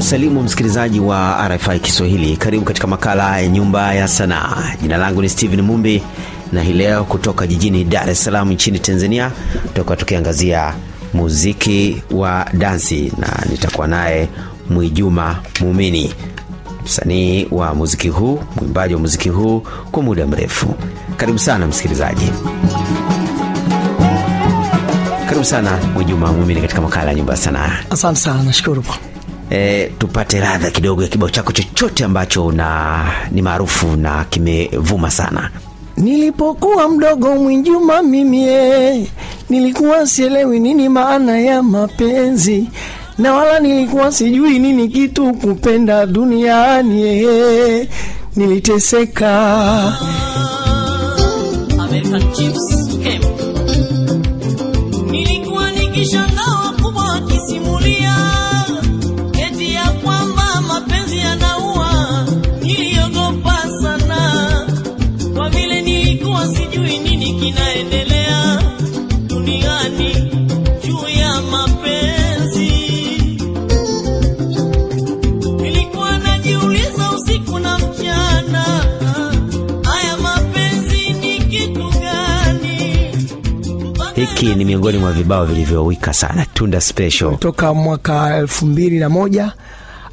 kusalimu msikilizaji wa RFI Kiswahili. Karibu katika makala ya Nyumba ya Sanaa. Jina langu ni Steven Mumbi na hii leo kutoka jijini Dar es Salaam nchini Tanzania tutakuwa tukiangazia muziki wa dansi na nitakuwa naye Mwijuma Muumini, msanii wa muziki huu, mwimbaji wa muziki huu kwa muda mrefu. Karibu sana msikilizaji. Karibu sana Mwijuma Muumini katika makala ya Nyumba ya Sanaa. Asante sana, nashukuru e, tupate radha kidogo ya kibao chako chochote ambacho na ni maarufu na kimevuma sana. Nilipokuwa mdogo Mwinjuma mimie, eh, nilikuwa sielewi nini maana ya mapenzi na wala nilikuwa sijui nini kitu kupenda duniani. Ee, niliteseka miongoni mwa vibao vilivyowika sana, Tunda Special toka mwaka elfu mbili na moja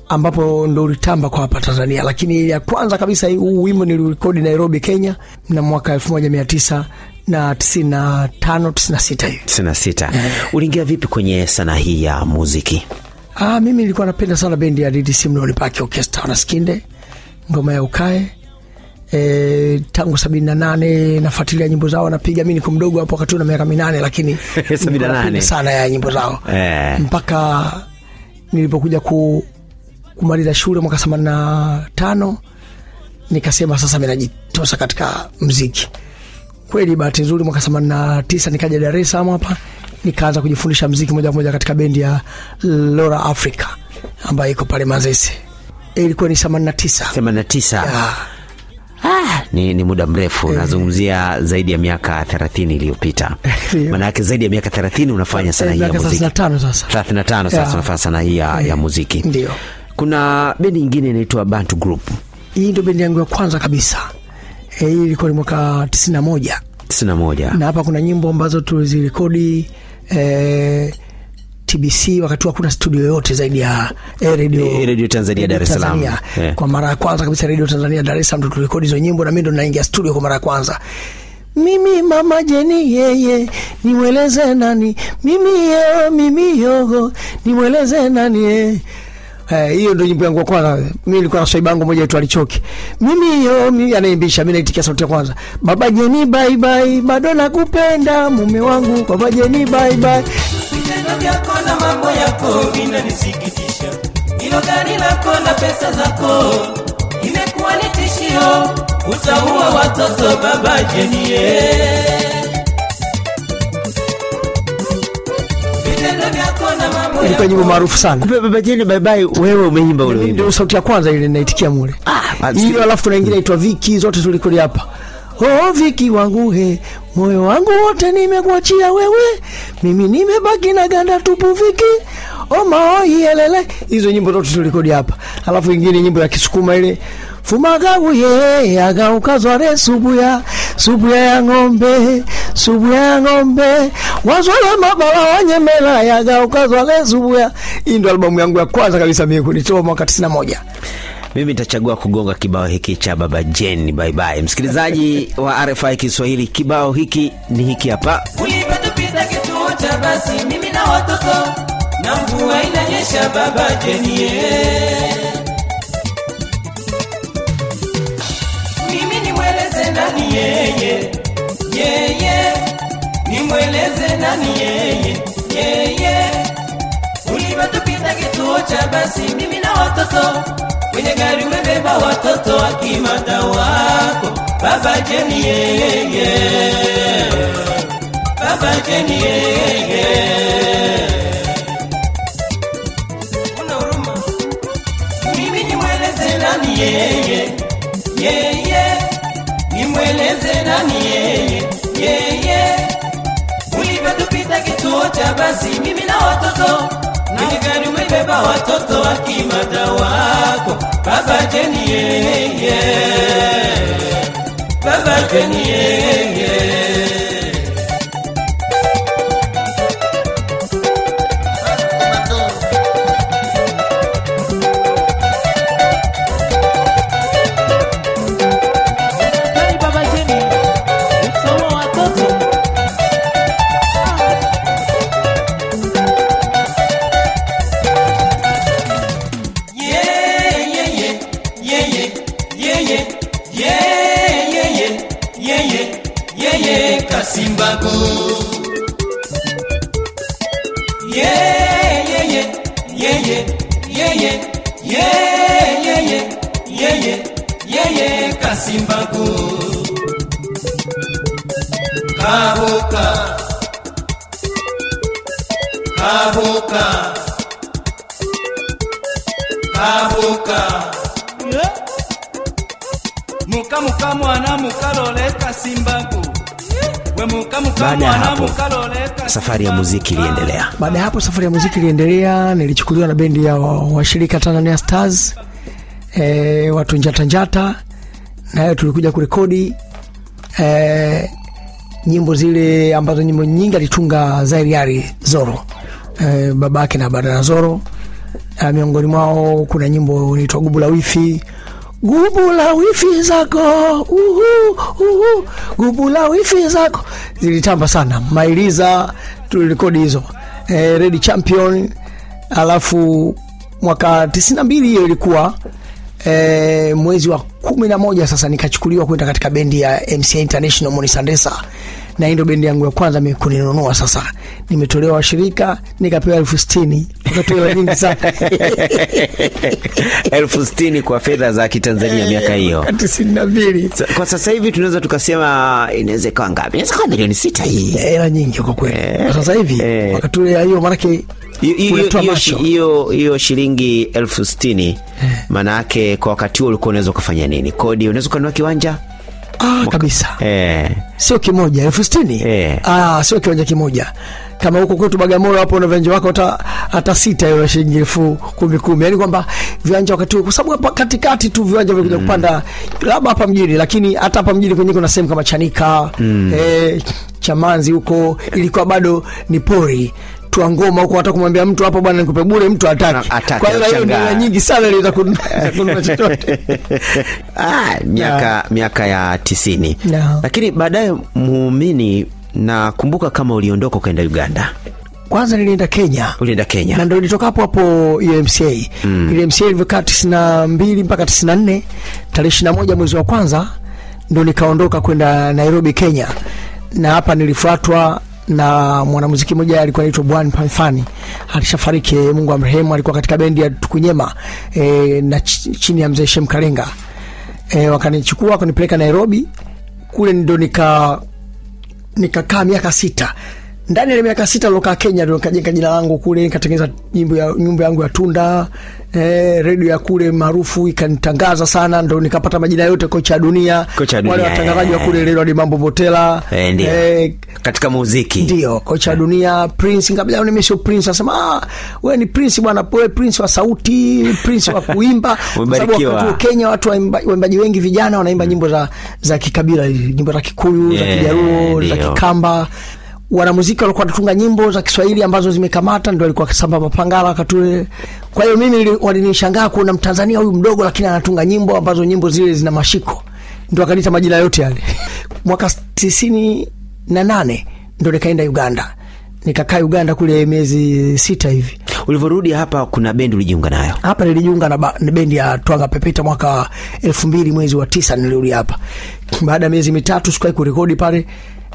ambapo ndo ulitamba kwa hapa Tanzania, lakini ya kwanza kabisa huu wimbo nilirekodi Nairobi, Kenya na mwaka elfu moja mia tisa na tisini na tano tisini na sita hivi tisini na sita. Eh. Uliingia vipi kwenye sanaa hii ya muziki? Ah, mimi nilikuwa napenda sana bendi ya DDC Mlolipaki Orchestra na Skinde, ngoma ya ukae E, tangu sabini na nane nafuatilia nyimbo zao, napiga. Mi niko mdogo hapo wakati na miaka minane, lakini napiga sana ya nyimbo zao e. mpaka nilipokuja ku, kumaliza shule mwaka themanini na tano nikasema sasa mi najitosa katika mziki kweli. Bahati nzuri mwaka themanini na tisa nikaja Dar es Salaam hapa nikaanza kujifundisha mziki moja kwa moja katika bendi ya Lora Africa ambayo iko pale Manzese, ilikuwa ni themanini na tisa themanini na tisa ah, ni, ni muda mrefu eh. Nazungumzia zaidi ya miaka 30 iliyopita yeah. Maanake zaidi ya miaka 30 unafanya sana hii ya muziki 35 sasa, 35 yeah. Sasa unafanya sana hii ya, eh. ya muziki ndio. Kuna bendi nyingine inaitwa Bantu Group. Hii ndio bendi yangu ya kwanza kabisa. Eh, hii e, ilikuwa ni mwaka 91 91 na hapa kuna nyimbo ambazo tulizirekodi eh TBC wakati hakuna studio yoyote zaidi ya eh, radio, eh, radio Tanzania Dar es Salaam. Yeah. Kwa mara ya kwanza kabisa Radio Tanzania Dar es Salaam ndo tulirekodi hizo nyimbo na mimi ndo naingia studio kwa mara ya kwanza. Mimi mama Jeni yeye niweleze nani? Mimi yo mimi yo niweleze nani? Yeye. Eh, hiyo ndio nyimbo yangu ya kwanza. Mimi nilikuwa na swaiba yangu moja tu Alichoki. Mimi yo mimi anaimbisha, mimi naitikia sauti ya kwanza. Baba Jeni bye bye, bado nakupenda mume wangu. Baba Jeni bye bye. Vitendo vyako na mambo yako vinanisikitisha. Hilo gari lako na pesa zako imekuwa ni tishio. Utaua watoto baba Jeni. Yeah. ilikuwa nyimbo maarufu sana. kupe baba jeni bye bye, wewe umeimba ule wimbo. Ndio sauti ya kwanza ile naitikia mule. Ah, hiyo alafu kuna nyingine inaitwa Viki, zote tulikodi hapa. Oh, Viki wangu he, moyo wangu wote nimekuachia wewe, mimi nimebaki na ganda tupu Viki. Oh, maoi elele. Hizo nyimbo zote tulikodi hapa. Alafu nyingine nyimbo ya Kisukuma ile Fumagabuye agauka zwa subuya supu ya ng'ombe, supu ya ng'ombe, waswala mabala wanyemela ukazwale supu ya. Hii ndo albamu yangu ya kwanza kabisa mimi kunitoa mwaka 91 mimi nitachagua kugonga kibao hiki cha baba Jeni. Bye bye msikilizaji wa RFI Kiswahili, kibao hiki ni hiki hapa. Ulipotupita kituo cha basi, mimi na watoto na mvua inanyesha, baba Jeni ye. mimi nimweleze nani ye yeye yeye nimweleze nani yeye yeye ulivyotupita kituo cha basi mimi na watoto kwenye gari umebeba watoto wa kimada wako baba jeni yeye baba jeni yeye una huruma mimi nimweleze nani yeye yeye ulivyotupita kituo cha basi mimi na watoto niligari umebeba watoto wa kimada wako baba jeni yeye baba jeni yeye yeye yeye yeye kasimbago yeye yeye yeye yeye yeye yeye kasimbago kaboka kaboka kaboka yeah. mukamuka mwana mukaloleka baada ya hapo safari ya muziki iliendelea. Baada ya hapo safari ya muziki iliendelea, nilichukuliwa na bendi ya washirika wa Tanzania Stars e, watu njata njata, nayo tulikuja kurekodi e, nyimbo zile ambazo nyimbo nyingi alitunga Zairiari Zoro e, babake na Badara Zoro e, miongoni mwao kuna nyimbo inaitwa Gubu la Wifi gubu la wifi zako uhu, uhu, gubu la wifi zako zilitamba sana. Mailiza tulirekodi hizo e, Red Champion, alafu mwaka 92 hiyo ilikuwa e, mwezi wa 11 sasa nikachukuliwa kwenda katika bendi ya MCA International Monisandesa na ndio bendi yangu ya kwanza mimi kuninunua. Sasa nimetolewa washirika nikapewa elfu sitini nikatolewa nyingi sana elfu sitini kwa fedha za Kitanzania eh, miaka hiyo tisini na mbili. Kwa sasa hivi tunaweza tukasema inaweza ikawa ngapi? Inaweza ikawa milioni sita. Hii eh, hela nyingi kwa kweli eh, kwa sasa hivi, wakati ule hiyo maanake hiyo shilingi elfu sitini maana yake kwa wakati huo ulikuwa unaweza ukafanya nini? Kodi unaweza ukanunua kiwanja ah, kabisa eh. Sio kimoja elfu sitini eh. Ah, sio kiwanja kimoja kama huko kwetu Bagamoyo hapo na viwanja wako hata sita hiyo shilingi elfu kumi kumi, yani kwamba viwanja wakati huo, kwa sababu hapa katikati tu viwanja vya kuja mm. kupanda mm. labda hapa mjini, lakini hata hapa mjini kwenye kuna sehemu kama Chanika mm. eh, Chamanzi huko ilikuwa bado ni pori mtu wa ngoma huko, hata kumwambia mtu hapa bwana nikupe bure, mtu hataki. Kwa hiyo ndio nyingi sana ile za kununua chochote. Ah, miaka miaka ya tisini. No. Lakini baadaye muumini, nakumbuka kama uliondoka ukaenda Uganda. Kwanza nilienda Kenya. Ulienda Kenya. Na ndio nilitoka hapo hapo UMCA. Mm. Ile UMCA ilivyokaa tisini na mbili mpaka tisini na nne tarehe ishirini na moja mwezi wa kwanza ndio nikaondoka kwenda Nairobi, Kenya na hapa nilifuatwa na mwanamuziki mmoja alikuwa anaitwa Bwan Pamfani, alishafariki, Mungu amrehemu. Alikuwa katika bendi ya Tukunyema e, na chini ya mzee Shem Kalenga e, wakanichukua wakanipeleka Nairobi, kule ndo nika nikakaa miaka sita ndani ya miaka sita lokaa Kenya ndio nikajenga jina langu kule, nikatengeneza ya, nyumba yangu ya Tunda eh, redio ya kule maarufu ikanitangaza sana, ndo nikapata majina yote, kocha ya dunia, wale watangazaji wa kule eh. redio ni mambo botela eh, eh, katika muziki ndio kocha yeah. dunia Prince, ngabila mimi sio Prince, nasema ah, wewe ni Prince bwana, wewe Prince wa sauti, Prince wa kuimba sababu wakati Kenya watu waimbaji wengi vijana wanaimba mm. nyimbo za za kikabila, nyimbo za Kikuyu yeah, za eh, Kijaruo za Kikamba wanamuziki walikuwa wanatunga nyimbo za Kiswahili ambazo zimekamata, ndio alikuwa Kisamba Mapangala Katule. Kwa hiyo mimi walinishangaa kuona Mtanzania huyu mdogo, lakini anatunga nyimbo ambazo nyimbo zile zina mashiko, ndio akanita majina yote yale. Mwaka tisini na nane ndio nikaenda Uganda, nikakaa Uganda kule miezi sita hivi. Ulivyorudi hapa, kuna bendi ulijiunga nayo hapa? Nilijiunga na, na bendi ya Twanga Pepeta mwaka elfu mbili mwezi wa tisa nilirudi hapa baada ya miezi mitatu, sikuwahi kurekodi pale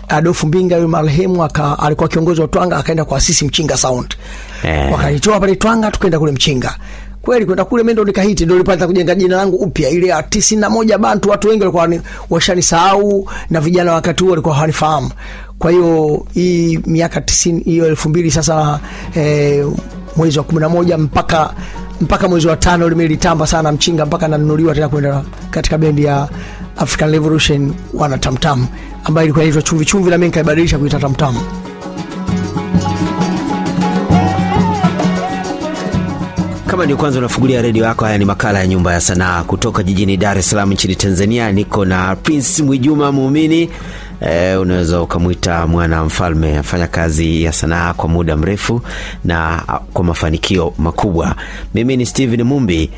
Adolfu Mbinga yule marehemu alikuwa kiongozi wa Twanga, akaenda kwa sisi Mchinga Sound eh. Wakanitoa pale Twanga tukaenda kule Mchinga kweli kwenda kule mendo nikahiti ndo nilipata kujenga jina langu upya. Ile ya tisini na moja Bantu watu wengi walikuwa washanisahau na vijana wakati huo walikuwa hawanifahamu. Kwa hiyo hii miaka tisini hiyo elfu mbili sasa eh, mwezi wa kumi na moja mpaka mpaka mwezi wa tano limelitamba sana mchinga mpaka nanunuliwa tena kwenda katika bendi ya African Revolution wana tamtam ambayo ilikuwa inaitwa chumvi chumvi, na mimi nikaibadilisha kuita tamtam. Kama ni kwanza unafungulia redio yako, haya ni makala ya Nyumba ya Sanaa kutoka jijini Dar es Salaam nchini Tanzania. Niko na Prince Mwijuma Muumini e, unaweza ukamwita mwana mfalme. Afanya kazi ya sanaa kwa muda mrefu na kwa mafanikio makubwa. Mimi ni Steven Mumbi.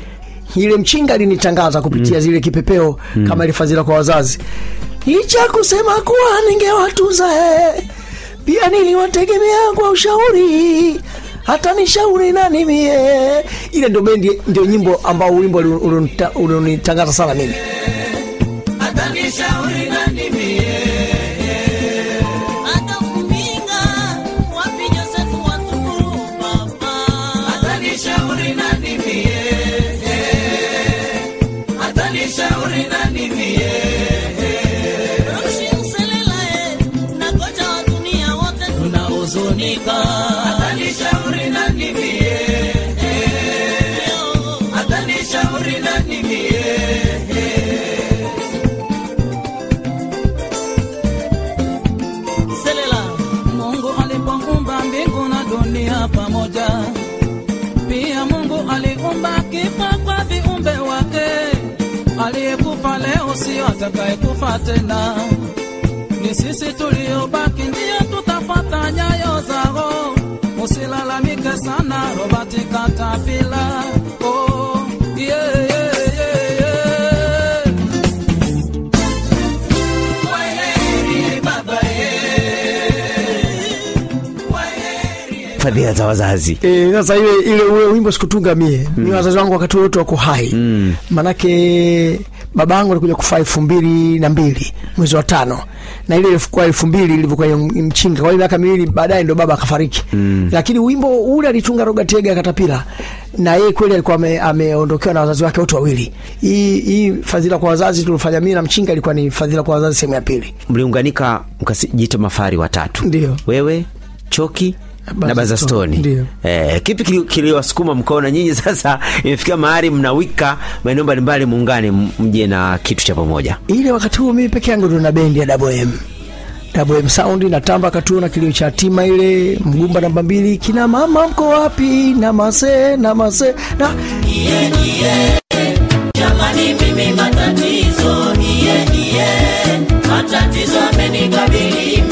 Ile mchinga alinitangaza kupitia mm. zile kipepeo mm. kama ilifadhila kwa wazazi, icha kusema kuwa ningewatuza pia niliwategemea kwa ushauri hata nishauri nani mie. Ile ndo bendi, ndio nyimbo ambao wimbo ulionitangaza sana mimi, hata nishauri nani mie Yesu sio atakayekufa tena, ni sisi tuliobaki ndiye tutafata nyayo zao. Usilalamike sana Robert Katapila, oh, yeah, yeah. za wazazi. Eh, sasa ile ule wimbo sikutunga mie. Mm. Ni wazazi wangu wakati wote wako hai. Mm. Manake baba yangu alikuja kufa elfu mbili na mbili mwezi wa tano, na ile ilikuwa elfu mbili ilivyokuwa Mchinga. Kwa hiyo miaka miwili baadaye ndo baba akafariki mm. Lakini wimbo ule alitunga Rogatega Katapila, na yeye kweli alikuwa ameondokewa ame na wazazi wake wote wawili. Hii hii fadhila kwa wazazi tulifanya mimi na Mchinga ilikuwa ni fadhila kwa wazazi sehemu ya pili. Mliunganika mkajiita mafari watatu, ndio wewe Choki na Bazastoni. Eh, kipi kiliwasukuma mkaona nyinyi sasa imefikia mahali mnawika maeneo mbalimbali muungane mje na kitu cha pamoja? Ile wakati huo mimi peke yangu ndo na bendi ya WM WM Sound natamba katuo na kilio cha tima ile mgumba namba mbili kina mama mko wapi na mase na mase na Jamani mimi matatizo, yeah, yeah. Matatizo amenikabili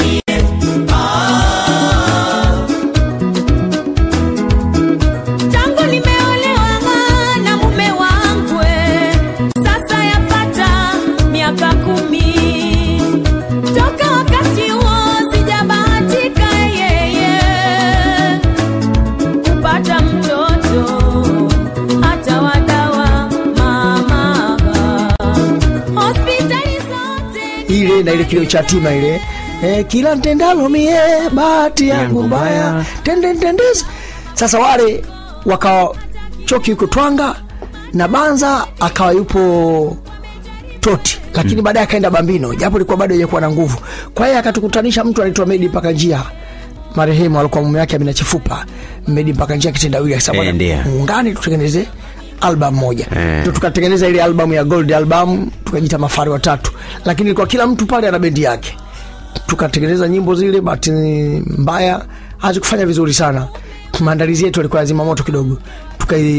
na ile kile cha tima ile eh, kila ntendalo mie bahati yangu mbaya tende tendeza. Sasa wale wakawa choki yuko Twanga na Banza akawa yupo Toti, lakini mm. baadaye akaenda Bambino japo ilikuwa bado haijakuwa na nguvu. Kwa hiyo akatukutanisha mtu anaitwa Medi mpaka njia marehemu alikuwa mume wake Amina Chifupa. Medi mpaka njia kitendawili akisema, eh, muungane tutengeneze album moja mm. tukatengeneza ile album ya Gold album tukajita Mafari Watatu, lakini kwa kila mtu pale ana bendi yake. Tukatengeneza nyimbo zile, bahati mbaya hazikufanya vizuri sana. Maandalizi yetu yalikuwa lazima moto kidogo,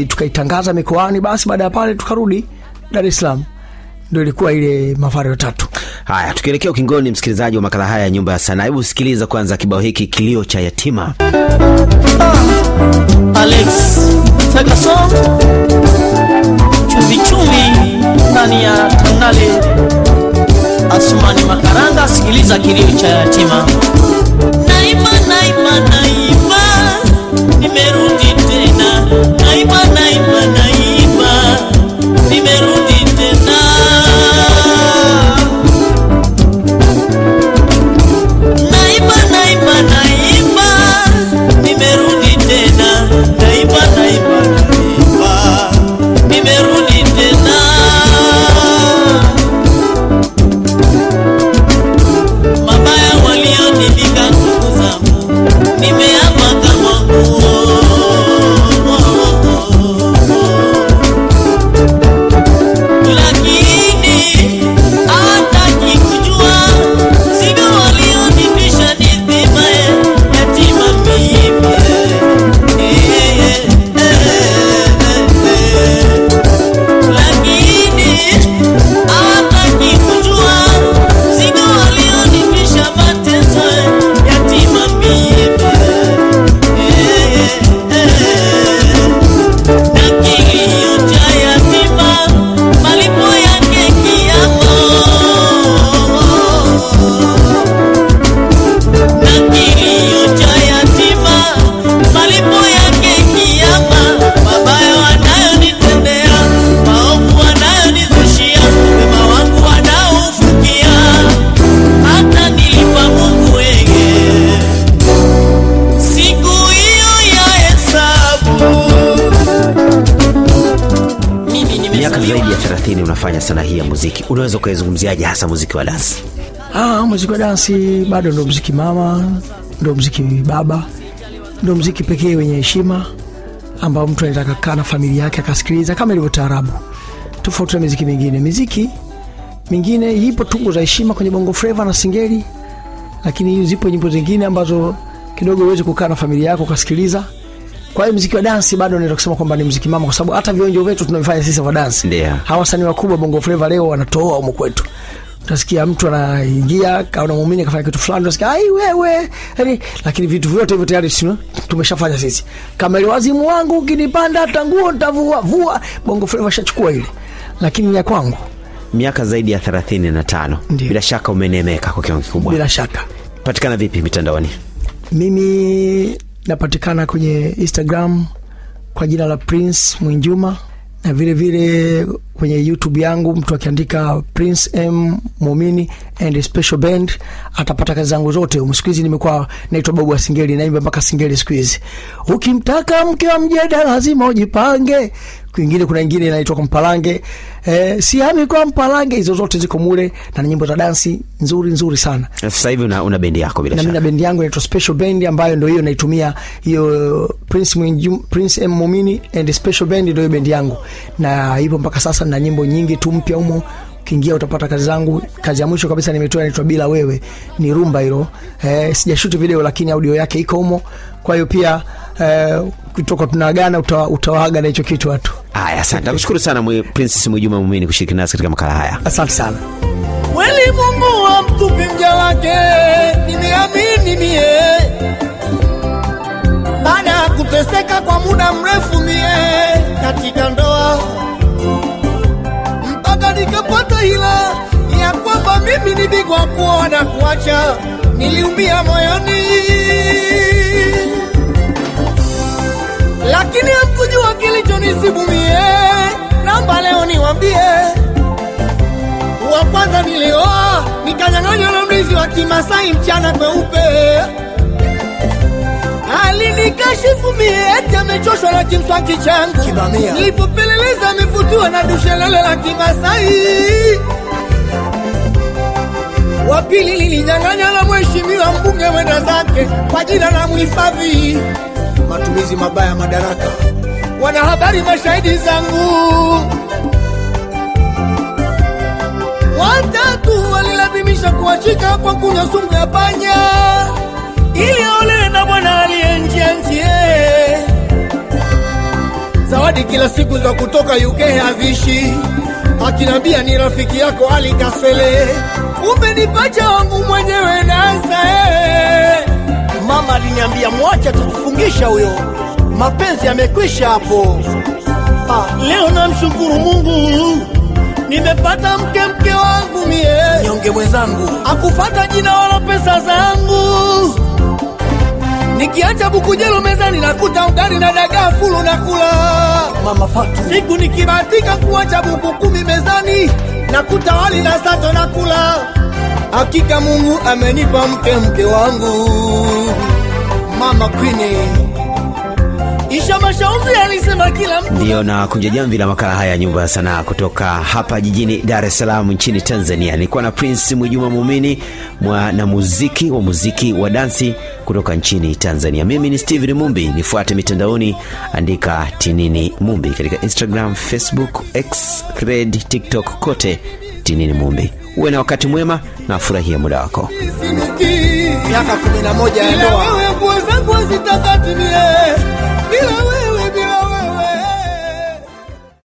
tukaitangaza tukai mikoani. Basi baada ya pale tukarudi Dar es Salaam, ndio ilikuwa ile Mafari Watatu. Haya, tukielekea ukingoni, msikilizaji wa makala haya ya Nyumba ya Sanaa, hebu sikiliza kwanza kibao hiki, kilio cha yatima ah, Alex Pegaso ndani ya kanali Asmani Makaranga, sikiliza kilio cha yatima. Naima naima naima, nimerudi tena. Naima naima naima, nimerudi kufanya sanaa hii ya muziki, unaweza ukaizungumziaje hasa muziki wa dansi? Ah, muziki wa dansi bado ndo mziki mama, ndo mziki baba, ndo mziki pekee wenye heshima ambao mtu anataka kaa na familia yake akasikiliza kama ilivyo taarabu, tofauti na miziki mingine. Miziki mingine ipo tungo za heshima kwenye bongo freva na singeli, lakini zipo nyimbo zingine ambazo kidogo uwezi kukaa na familia yako ukasikiliza kwa hiyo muziki wa dance bado naweza kusema kwamba ni muziki mama, kwa sababu hata vionjo vyetu tunavifanya sisi wa dance. Ndio. Hawa wasanii wakubwa Bongo Flava leo wanatoa huko kwetu. Utasikia mtu anaingia kaona muumini akafanya kitu fulani, utasikia ai wewe, yani, lakini vitu vyote hivyo tayari sio tumeshafanya sisi. Kama ile wazimu wangu ukinipanda hata nguo nitavua vua, Bongo Flava shachukua ile, lakini ya kwangu miaka zaidi ya 35. Bila shaka umenemeka kwa kiwango kikubwa. Bila shaka. Patikana vipi mitandaoni? Mimi Napatikana kwenye Instagram kwa jina la Prince Mwinjuma na vilevile vile kwenye YouTube yangu mtu akiandika Prince M Muumini and Special Band atapata kazi zangu zote. Um, siku nimekuwa naitwa babu wa singeli, naimba mpaka singeli siku Ukimtaka mke wa mjeda lazima ujipange. Kwingine kuna ingine inaitwa kwa Mpalange, eh, siami kwa Mpalange. Hizo zote ziko mule na nyimbo za dansi nzuri nzuri sana. Eh, sasa hivi una, una bendi yako bila shaka? Na mimi na bendi yangu inaitwa Special Band ambayo ndio hiyo naitumia hiyo Prince mwinjum, Prince M Muumini and Special Band ndio hiyo bendi yangu na ipo mpaka sasa na nyimbo nyingi tu mpya humo ukiingia utapata kazi zangu. Kazi ya mwisho kabisa nimetoa inaitwa bila wewe, ni rumba hilo. Eh, sijashuti video lakini audio yake iko humo. Kwa hiyo pia eh, kutoka tunaagana utawaga na hicho kitu watu. Haya, asante. Nakushukuru sana mwe Princess mwejuma Mumini kushiriki nasi katika makala haya. Asante sana. Kweli Mungu wa mtupi mja wake, nimeamini mie. Baada ya kuteseka kwa muda mrefu mie katika ndoa nikapata hila ya kwamba mimi ni bigwa kuoa na kuacha, niliumia moyoni, lakini hamkujua kilichonisibu mie. Naomba leo niwambie, wa kwanza nilioa nikanyang'anywa na mlinzi wa Kimasai mchana kweupe Kashifu mie eti amechoshwa na kimswaki changu kibamia. Nilipopeleleza amefutua na dushelele la Kimasai. Wa pili lilinyang'anya la mheshimiwa mbunge mwenda zake kwa jina la mhifadhi. Matumizi mabaya madaraka, wanahabari mashahidi zangu. Watatu walilazimisha kuachika kwa kunywa sumu ya panya ili ole na Bwana aliye njia njie. Zawadi kila siku za kutoka UK havishi, akinambia ni rafiki yako Ali Kasele, pacha wangu mwenyewe nasa Mama aliniambia mwacha, tutufungisha huyo, mapenzi yamekwisha hapo. Ah, leo namshukuru Mungu nimepata mke, mke wangu mie, nyonge mwenzangu, akufata jina wala pesa zangu nikiacha buku jelo mezani nakuta ugali na dagaa fulu nakula. Mama Fatu, siku nikibatika kuacha buku kumi mezani nakuta wali na sato nakula. Hakika Mungu amenipa mke, mke wangu Mama Queen Ndiyo, na kunja jamvi la makala haya ya nyumba ya sanaa kutoka hapa jijini Dar es Salaam nchini Tanzania. Nilikuwa na Prince Mwijuma Muumini, muziki wa muziki wa dansi kutoka nchini Tanzania. Mimi ni stehen Mumbi, nifuate mitandaoni, andika Tinini Mumbi katika Instagram, Facebook, X, Thread, TikTok, kote Tinini Mumbi uwe na wakati mwema na furahia muda wako. Miaka kumi na ya ndoa zangu zitakatimie bila wewe